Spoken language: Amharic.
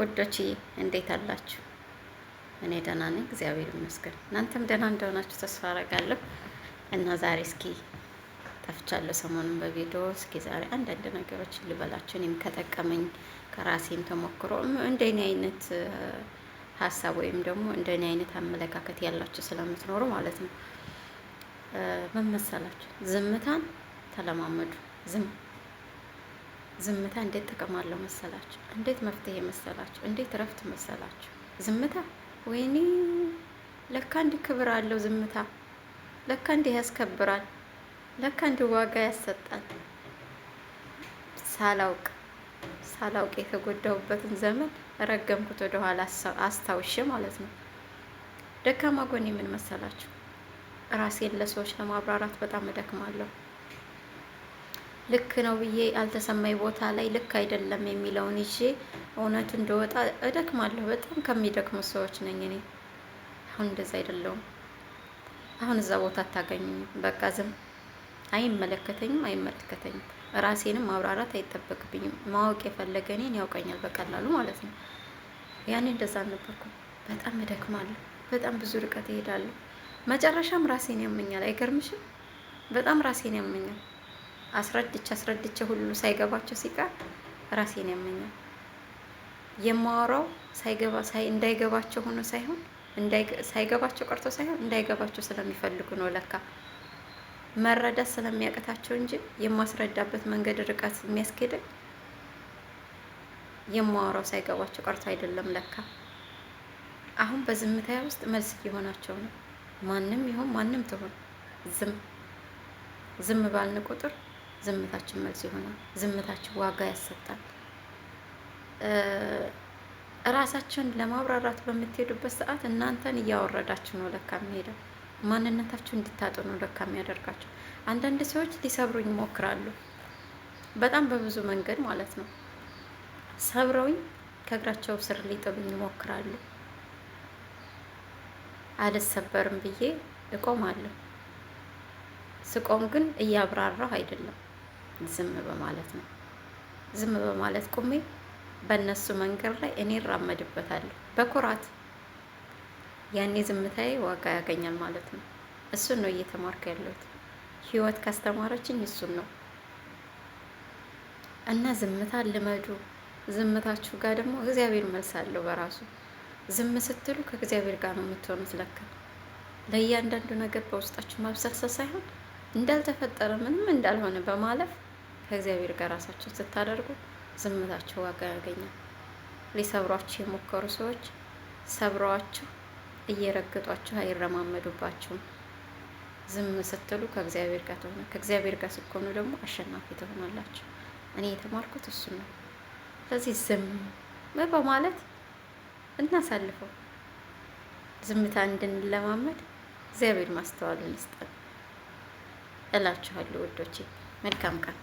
ወዶች እንዴት አላችሁ? እኔ ደህና ነኝ፣ እግዚአብሔር ይመስገን። እናንተም ደህና እንደሆናችሁ ተስፋ አደርጋለሁ። እና ዛሬ እስኪ ጠፍቻለሁ ሰሞኑን በቪዲዮ እስኪ ዛሬ አንዳንድ ነገሮች ልበላችሁ፣ እኔም ከጠቀመኝ ከራሴም ተሞክሮ እንደኔ አይነት ሀሳብ ወይም ደግሞ እንደኔ አይነት አመለካከት ያላችሁ ስለምትኖሩ ማለት ነው። ምን መሰላችሁ? ዝምታን ተለማመዱ። ዝም ዝምታ እንዴት ጥቅም አለው መሰላችሁ? እንዴት መፍትሄ መሰላችሁ? እንዴት እረፍት መሰላችሁ? ዝምታ ወይኔ፣ ለካ እንዲህ ክብር አለው ዝምታ። ለካ እንዲህ ያስከብራል። ለካ እንዲህ ዋጋ ያሰጣል። ሳላውቅ ሳላውቅ የተጎዳሁበትን ዘመን ረገምኩት ወደኋላ አስታውሼ ማለት ነው። ደካማ ጎኔ ምን መሰላችሁ? ራሴን ለሰዎች ለማብራራት በጣም እደክማለሁ። ልክ ነው ብዬ ያልተሰማኝ ቦታ ላይ ልክ አይደለም የሚለውን ይዤ እውነት እንደወጣ እደክማለሁ። በጣም ከሚደክሙ ሰዎች ነኝ እኔ። አሁን እንደዛ አይደለውም። አሁን እዛ ቦታ አታገኙኝ። በቃ ዝም አይመለከተኝም፣ አይመለከተኝም። ራሴንም ማብራራት አይጠበቅብኝም። ማወቅ የፈለገ እኔን ያውቀኛል በቀላሉ ማለት ነው። ያኔ እንደዛ አልነበርኩም። በጣም እደክማለሁ። በጣም ብዙ ርቀት እሄዳለሁ። መጨረሻም ራሴን ያመኛል። አይገርምሽም? በጣም ራሴን ያመኛል። አስረድቼ አስረድቼ ሁሉ ሳይገባቸው ሲቀር ራሴን ያመኛል። የማወራው ሳይገባ ሳይ እንዳይገባቸው ሆኖ ሳይሆን ሳይገባቸው ቀርቶ ሳይሆን እንዳይገባቸው ስለሚፈልጉ ነው። ለካ መረዳት ስለሚያቀታቸው እንጂ የማስረዳበት መንገድ ርቀት የሚያስኬደኝ የማወራው ሳይገባቸው ቀርቶ አይደለም። ለካ አሁን በዝምታ ውስጥ መልስ እየሆናቸው ነው። ማንም ይሁን ማንም ትሆን ዝም ዝም ባልን ቁጥር ዝምታችን መልስ ይሆናል። ዝምታችን ዋጋ ያሰጣል። እራሳችን ለማብራራት በምትሄዱበት ሰዓት እናንተን እያወረዳችሁ ነው ለካ የሚሄደው። ማንነታችሁ እንድታጡ ነው ለካ የሚያደርጋቸው። አንዳንድ ሰዎች ሊሰብሩኝ ይሞክራሉ፣ በጣም በብዙ መንገድ ማለት ነው። ሰብረውኝ ከእግራቸው ስር ሊጥሉኝ ይሞክራሉ። አልሰበርም ብዬ እቆማለሁ። ስቆም ግን እያብራራሁ አይደለም። ዝም በማለት ነው። ዝም በማለት ቁሜ በእነሱ መንገድ ላይ እኔ እራመድበታለሁ በኩራት። ያኔ ዝምታዬ ዋጋ ያገኛል ማለት ነው። እሱን ነው እየተማርኩ ያለሁት። ህይወት ካስተማረችኝ እሱን ነው እና ዝምታ ልመዱ። ዝምታችሁ ጋር ደግሞ እግዚአብሔር መልስ አለው በራሱ ዝም ስትሉ ከእግዚአብሔር ጋር ነው የምትሆኑት። ለካ ለእያንዳንዱ ነገር በውስጣችሁ ማብሰልሰል ሳይሆን እንዳልተፈጠረ ምንም እንዳልሆነ በማለፍ ከእግዚአብሔር ጋር ራሳችን ስታደርጉ ዝምታቸው ዋጋ ያገኛል። ሊሰብሯችሁ የሞከሩ ሰዎች ሰብረዋችሁ እየረገጧችሁ አይረማመዱባችሁም። ዝም ስትሉ ከእግዚአብሔር ጋር ትሆነ ከእግዚአብሔር ጋር ስትሆኑ ደግሞ አሸናፊ ትሆናላችሁ። እኔ የተማርኩት እሱን ነው። ስለዚህ ዝም በማለት እናሳልፈው። ዝምታ እንድንለማመድ እግዚአብሔር ማስተዋልን ይስጠን እላችኋለሁ። ውዶቼ መልካም ቀን